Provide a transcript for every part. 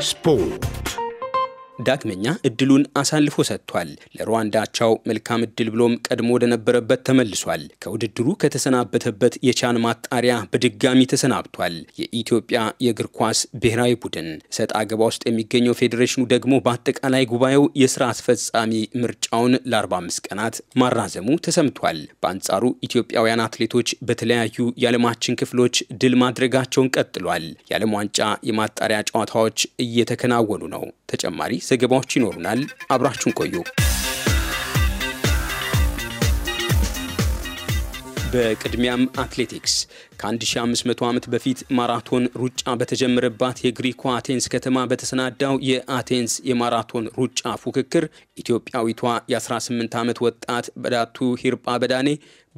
Sport. ዳግመኛ እድሉን አሳልፎ ሰጥቷል። ለሩዋንዳቻው መልካም እድል ብሎም ቀድሞ ወደነበረበት ተመልሷል። ከውድድሩ ከተሰናበተበት የቻን ማጣሪያ በድጋሚ ተሰናብቷል። የኢትዮጵያ የእግር ኳስ ብሔራዊ ቡድን እሰጥ አገባ ውስጥ የሚገኘው ፌዴሬሽኑ ደግሞ በአጠቃላይ ጉባኤው የስራ አስፈጻሚ ምርጫውን ለ45 ቀናት ማራዘሙ ተሰምቷል። በአንጻሩ ኢትዮጵያውያን አትሌቶች በተለያዩ የዓለማችን ክፍሎች ድል ማድረጋቸውን ቀጥሏል። የዓለም ዋንጫ የማጣሪያ ጨዋታዎች እየተከናወኑ ነው። ተጨማሪ ዘገባዎች ይኖሩናል። አብራችሁን ቆዩ። በቅድሚያም አትሌቲክስ ከ1500 ዓመት በፊት ማራቶን ሩጫ በተጀመረባት የግሪኳ አቴንስ ከተማ በተሰናዳው የአቴንስ የማራቶን ሩጫ ፉክክር ኢትዮጵያዊቷ የ18 ዓመት ወጣት በዳቱ ሂርጳ በዳኔ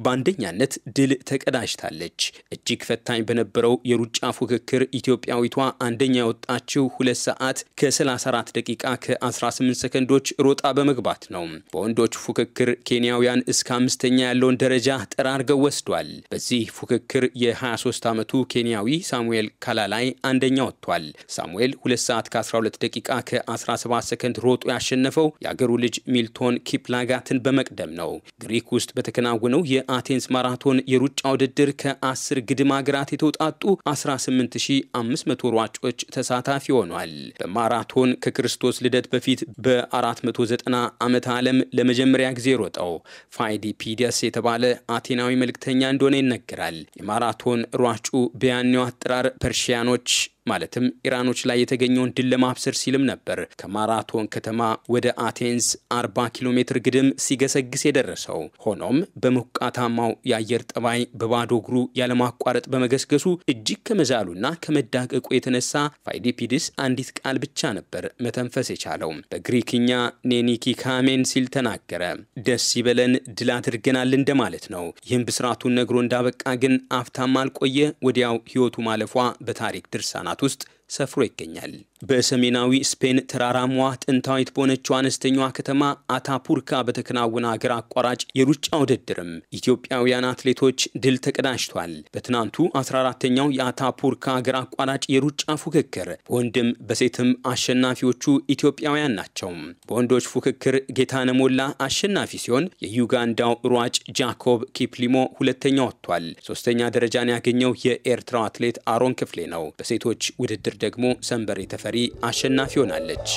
በአንደኛነት ድል ተቀዳጅታለች። እጅግ ፈታኝ በነበረው የሩጫ ፉክክር ኢትዮጵያዊቷ አንደኛ የወጣችው ሁለት ሰዓት ከ34 ደቂቃ ከ18 ሰከንዶች ሮጣ በመግባት ነው። በወንዶች ፉክክር ኬንያውያን እስከ አምስተኛ ያለውን ደረጃ ጠራርገው ወስዷል። በዚህ ፉክክር የ23 ዓመቱ ኬንያዊ ሳሙኤል ካላላይ አንደኛ ወጥቷል። ሳሙኤል 2 ሰዓት ከ12 ደቂቃ ከ17 ሰከንድ ሮጦ ያሸነፈው የአገሩ ልጅ ሚልቶን ኪፕላጋትን በመቅደም ነው። ግሪክ ውስጥ በተከናወነው የ የአቴንስ ማራቶን የሩጫ ውድድር ከአስር ግድም ሀገራት የተውጣጡ 18500 ሯጮች ተሳታፊ ሆኗል። በማራቶን ከክርስቶስ ልደት በፊት በ490 ዓመት ዓለም ለመጀመሪያ ጊዜ ሮጠው ፋይዲፒዲስ የተባለ አቴናዊ መልእክተኛ እንደሆነ ይነገራል። የማራቶን ሯጩ በያኔው አጠራር ፐርሺያኖች ማለትም ኢራኖች ላይ የተገኘውን ድል ለማብሰር ሲልም ነበር ከማራቶን ከተማ ወደ አቴንስ 40 ኪሎ ሜትር ግድም ሲገሰግስ የደረሰው። ሆኖም በሞቃታማው የአየር ጠባይ በባዶ እግሩ ያለማቋረጥ በመገስገሱ እጅግ ከመዛሉና ከመዳቀቁ የተነሳ ፋይዲፒድስ አንዲት ቃል ብቻ ነበር መተንፈስ የቻለው። በግሪክኛ ኔኒኪ ካሜን ሲል ተናገረ። ደስ ይበለን ድል አድርገናል እንደማለት ነው። ይህም ብስራቱን ነግሮ እንዳበቃ ግን አፍታም አልቆየ። ወዲያው ህይወቱ ማለፏ በታሪክ ድርሳናል። ቀናት ውስጥ ሰፍሮ ይገኛል። በሰሜናዊ ስፔን ተራራማዋ ጥንታዊት በሆነችው አነስተኛዋ ከተማ አታፑርካ በተከናወነ አገር አቋራጭ የሩጫ ውድድርም ኢትዮጵያውያን አትሌቶች ድል ተቀዳጅቷል። በትናንቱ 14ተኛው የአታፑርካ አገር አቋራጭ የሩጫ ፉክክር በወንድም በሴትም አሸናፊዎቹ ኢትዮጵያውያን ናቸው። በወንዶች ፉክክር ጌታነህ ሞላ አሸናፊ ሲሆን የዩጋንዳው ሯጭ ጃኮብ ኪፕሊሞ ሁለተኛ ወጥቷል። ሶስተኛ ደረጃን ያገኘው የኤርትራው አትሌት አሮን ክፍሌ ነው። በሴቶች ውድድር ደግሞ ሰንበሬ ተፈሪ አሸናፊ ሆናለች።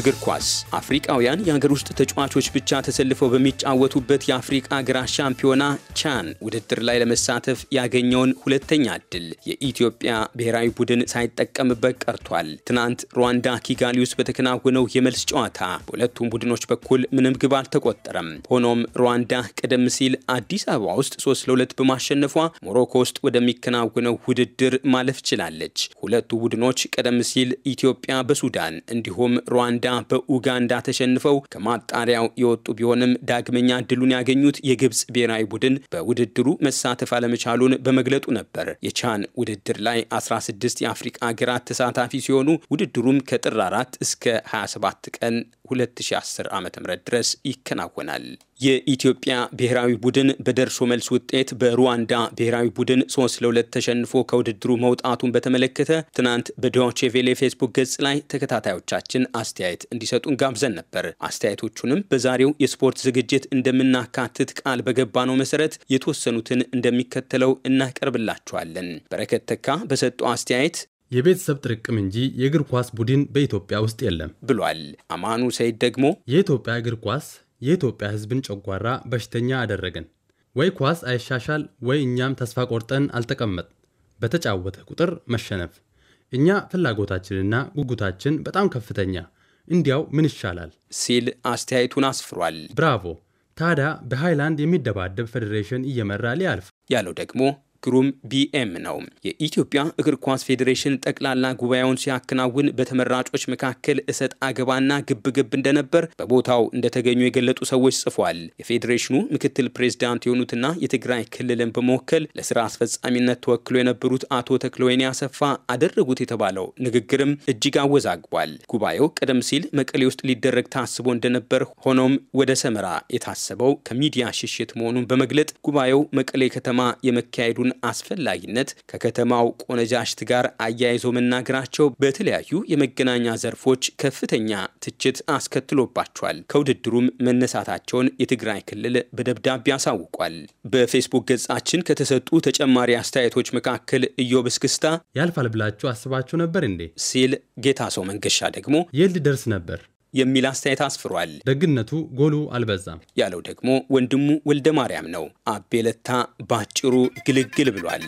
እግር ኳስ አፍሪቃውያን የአገር ውስጥ ተጫዋቾች ብቻ ተሰልፈው በሚጫወቱበት የአፍሪቃ ሀገራት ሻምፒዮና ቻን ውድድር ላይ ለመሳተፍ ያገኘውን ሁለተኛ እድል የኢትዮጵያ ብሔራዊ ቡድን ሳይጠቀምበት ቀርቷል። ትናንት ሩዋንዳ ኪጋሊ ውስጥ በተከናወነው የመልስ ጨዋታ በሁለቱም ቡድኖች በኩል ምንም ግብ አልተቆጠረም። ሆኖም ሩዋንዳ ቀደም ሲል አዲስ አበባ ውስጥ ሶስት ለሁለት በማሸነፏ ሞሮኮ ውስጥ ወደሚከናወነው ውድድር ማለፍ ችላለች። ሁለቱ ቡድኖች ቀደም ሲል ኢትዮጵያ በሱዳን እንዲሁም ሩዋንዳ ሩዋንዳ በኡጋንዳ ተሸንፈው ከማጣሪያው የወጡ ቢሆንም ዳግመኛ ድሉን ያገኙት የግብፅ ብሔራዊ ቡድን በውድድሩ መሳተፍ አለመቻሉን በመግለጡ ነበር። የቻን ውድድር ላይ 16 የአፍሪቃ ሀገራት ተሳታፊ ሲሆኑ ውድድሩም ከጥር 4 እስከ 27 ቀን 2010 ዓ ም ድረስ ይከናወናል። የኢትዮጵያ ብሔራዊ ቡድን በደርሶ መልስ ውጤት በሩዋንዳ ብሔራዊ ቡድን 3 ለ2 ተሸንፎ ከውድድሩ መውጣቱን በተመለከተ ትናንት በዶቼ ቬሌ ፌስቡክ ገጽ ላይ ተከታታዮቻችን አስተያየት እንዲሰጡን ጋብዘን ነበር። አስተያየቶቹንም በዛሬው የስፖርት ዝግጅት እንደምናካትት ቃል በገባነው መሰረት የተወሰኑትን እንደሚከተለው እናቀርብላችኋለን። በረከት ተካ በሰጠው አስተያየት የቤተሰብ ጥርቅም እንጂ የእግር ኳስ ቡድን በኢትዮጵያ ውስጥ የለም ብሏል። አማኑ ሰይድ ደግሞ የኢትዮጵያ እግር ኳስ የኢትዮጵያ ሕዝብን ጨጓራ በሽተኛ አደረገን። ወይ ኳስ አይሻሻል ወይ እኛም ተስፋ ቆርጠን አልተቀመጥ። በተጫወተ ቁጥር መሸነፍ። እኛ ፍላጎታችንና ጉጉታችን በጣም ከፍተኛ እንዲያው ምን ይሻላል ሲል አስተያየቱን አስፍሯል። ብራቮ ታዲያ በሃይላንድ የሚደባደብ ፌዴሬሽን እየመራ ሊያልፍ ያለው ደግሞ ግሩም ቢኤም ነው። የኢትዮጵያ እግር ኳስ ፌዴሬሽን ጠቅላላ ጉባኤውን ሲያከናውን በተመራጮች መካከል እሰጥ አገባና ግብግብ እንደነበር በቦታው እንደተገኙ የገለጡ ሰዎች ጽፏል። የፌዴሬሽኑ ምክትል ፕሬዝዳንት የሆኑትና የትግራይ ክልልን በመወከል ለስራ አስፈጻሚነት ተወክሎ የነበሩት አቶ ተክለወይኔ አሰፋ አደረጉት የተባለው ንግግርም እጅግ አወዛግቧል። ጉባኤው ቀደም ሲል መቀሌ ውስጥ ሊደረግ ታስቦ እንደነበር፣ ሆኖም ወደ ሰመራ የታሰበው ከሚዲያ ሽሽት መሆኑን በመግለጥ ጉባኤው መቀሌ ከተማ የመካሄዱን አስፈላጊነት ከከተማው ቆነጃሽት ጋር አያይዞ መናገራቸው በተለያዩ የመገናኛ ዘርፎች ከፍተኛ ትችት አስከትሎባቸዋል። ከውድድሩም መነሳታቸውን የትግራይ ክልል በደብዳቤ አሳውቋል። በፌስቡክ ገጻችን ከተሰጡ ተጨማሪ አስተያየቶች መካከል እዮብስክስታ እስክስታ ያልፋል ብላችሁ አስባችሁ ነበር እንዴ? ሲል ጌታ ሰው መንገሻ ደግሞ የልድ ደርስ ነበር የሚል አስተያየት አስፍሯል። ደግነቱ ጎሉ አልበዛም ያለው ደግሞ ወንድሙ ወልደ ማርያም ነው። አቤለታ ባጭሩ ግልግል ብሏል።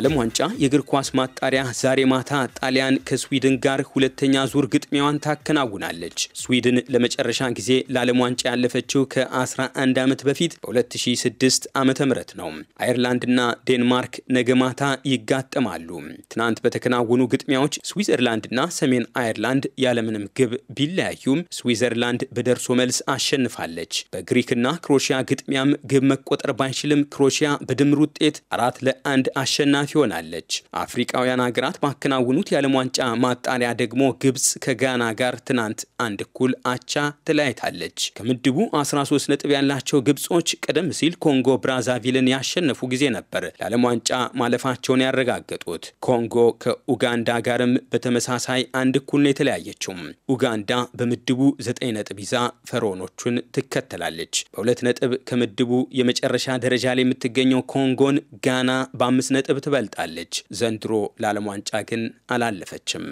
የዓለም ዋንጫ የእግር ኳስ ማጣሪያ ዛሬ ማታ ጣሊያን ከስዊድን ጋር ሁለተኛ ዙር ግጥሚያዋን ታከናውናለች። ስዊድን ለመጨረሻ ጊዜ ለዓለም ዋንጫ ያለፈችው ከ11 ዓመት በፊት በ2006 ዓ ም ነው። አየርላንድና ዴንማርክ ነገ ማታ ይጋጠማሉ። ትናንት በተከናወኑ ግጥሚያዎች ስዊዘርላንድና ሰሜን አየርላንድ ያለምንም ግብ ቢለያዩም ስዊዘርላንድ በደርሶ መልስ አሸንፋለች። በግሪክና ክሮሺያ ግጥሚያም ግብ መቆጠር ባይችልም ክሮሺያ በድምር ውጤት አራት ለአንድ አሸናፊ ተሳታፊ ሆናለች። አፍሪካውያን ሀገራት ባከናወኑት የዓለም ዋንጫ ማጣሪያ ደግሞ ግብጽ ከጋና ጋር ትናንት አንድ እኩል አቻ ተለያይታለች። ከምድቡ 13 ነጥብ ያላቸው ግብጾች ቀደም ሲል ኮንጎ ብራዛቪልን ያሸነፉ ጊዜ ነበር ለዓለም ዋንጫ ማለፋቸውን ያረጋገጡት። ኮንጎ ከኡጋንዳ ጋርም በተመሳሳይ አንድ እኩል ነው የተለያየችውም። ኡጋንዳ በምድቡ 9 ነጥብ ይዛ ፈርዖኖቹን ትከተላለች። በሁለት ነጥብ ከምድቡ የመጨረሻ ደረጃ ላይ የምትገኘው ኮንጎን ጋና በአምስት ነጥብ ትበላል። ትበልጣለች። ዘንድሮ ለዓለም ዋንጫ ግን አላለፈችም።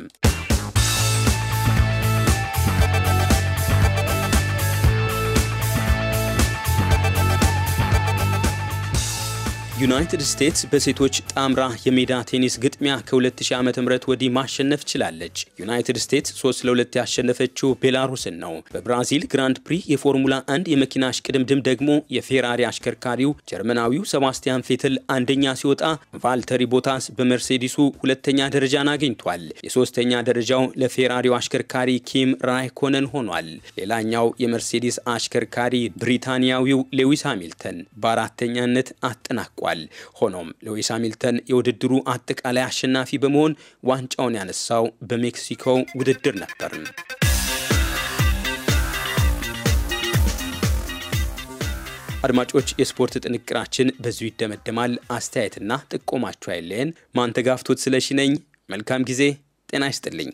ዩናይትድ ስቴትስ በሴቶች ጣምራ የሜዳ ቴኒስ ግጥሚያ ከ2000 ዓ ም ወዲህ ማሸነፍ ችላለች። ዩናይትድ ስቴትስ 3 ለ2 ያሸነፈችው ቤላሩስን ነው። በብራዚል ግራንድ ፕሪ የፎርሙላ 1 የመኪና እሽቅድምድም ደግሞ የፌራሪ አሽከርካሪው ጀርመናዊው ሰባስቲያን ፌትል አንደኛ ሲወጣ፣ ቫልተሪ ቦታስ በመርሴዲሱ ሁለተኛ ደረጃን አግኝቷል። የሶስተኛ ደረጃው ለፌራሪው አሽከርካሪ ኪም ራይኮነን ሆኗል። ሌላኛው የመርሴዲስ አሽከርካሪ ብሪታንያዊው ሌዊስ ሃሚልተን በአራተኛነት አጠናቋል። አድርጓል። ሆኖም ሉዊስ ሃሚልተን የውድድሩ አጠቃላይ አሸናፊ በመሆን ዋንጫውን ያነሳው በሜክሲኮ ውድድር ነበር። አድማጮች፣ የስፖርት ጥንቅራችን በዚሁ ይደመደማል። አስተያየትና ጥቆማችሁ አይለየን። ማንተጋፍቶት ስለሺ ነኝ። መልካም ጊዜ። ጤና ይስጥልኝ።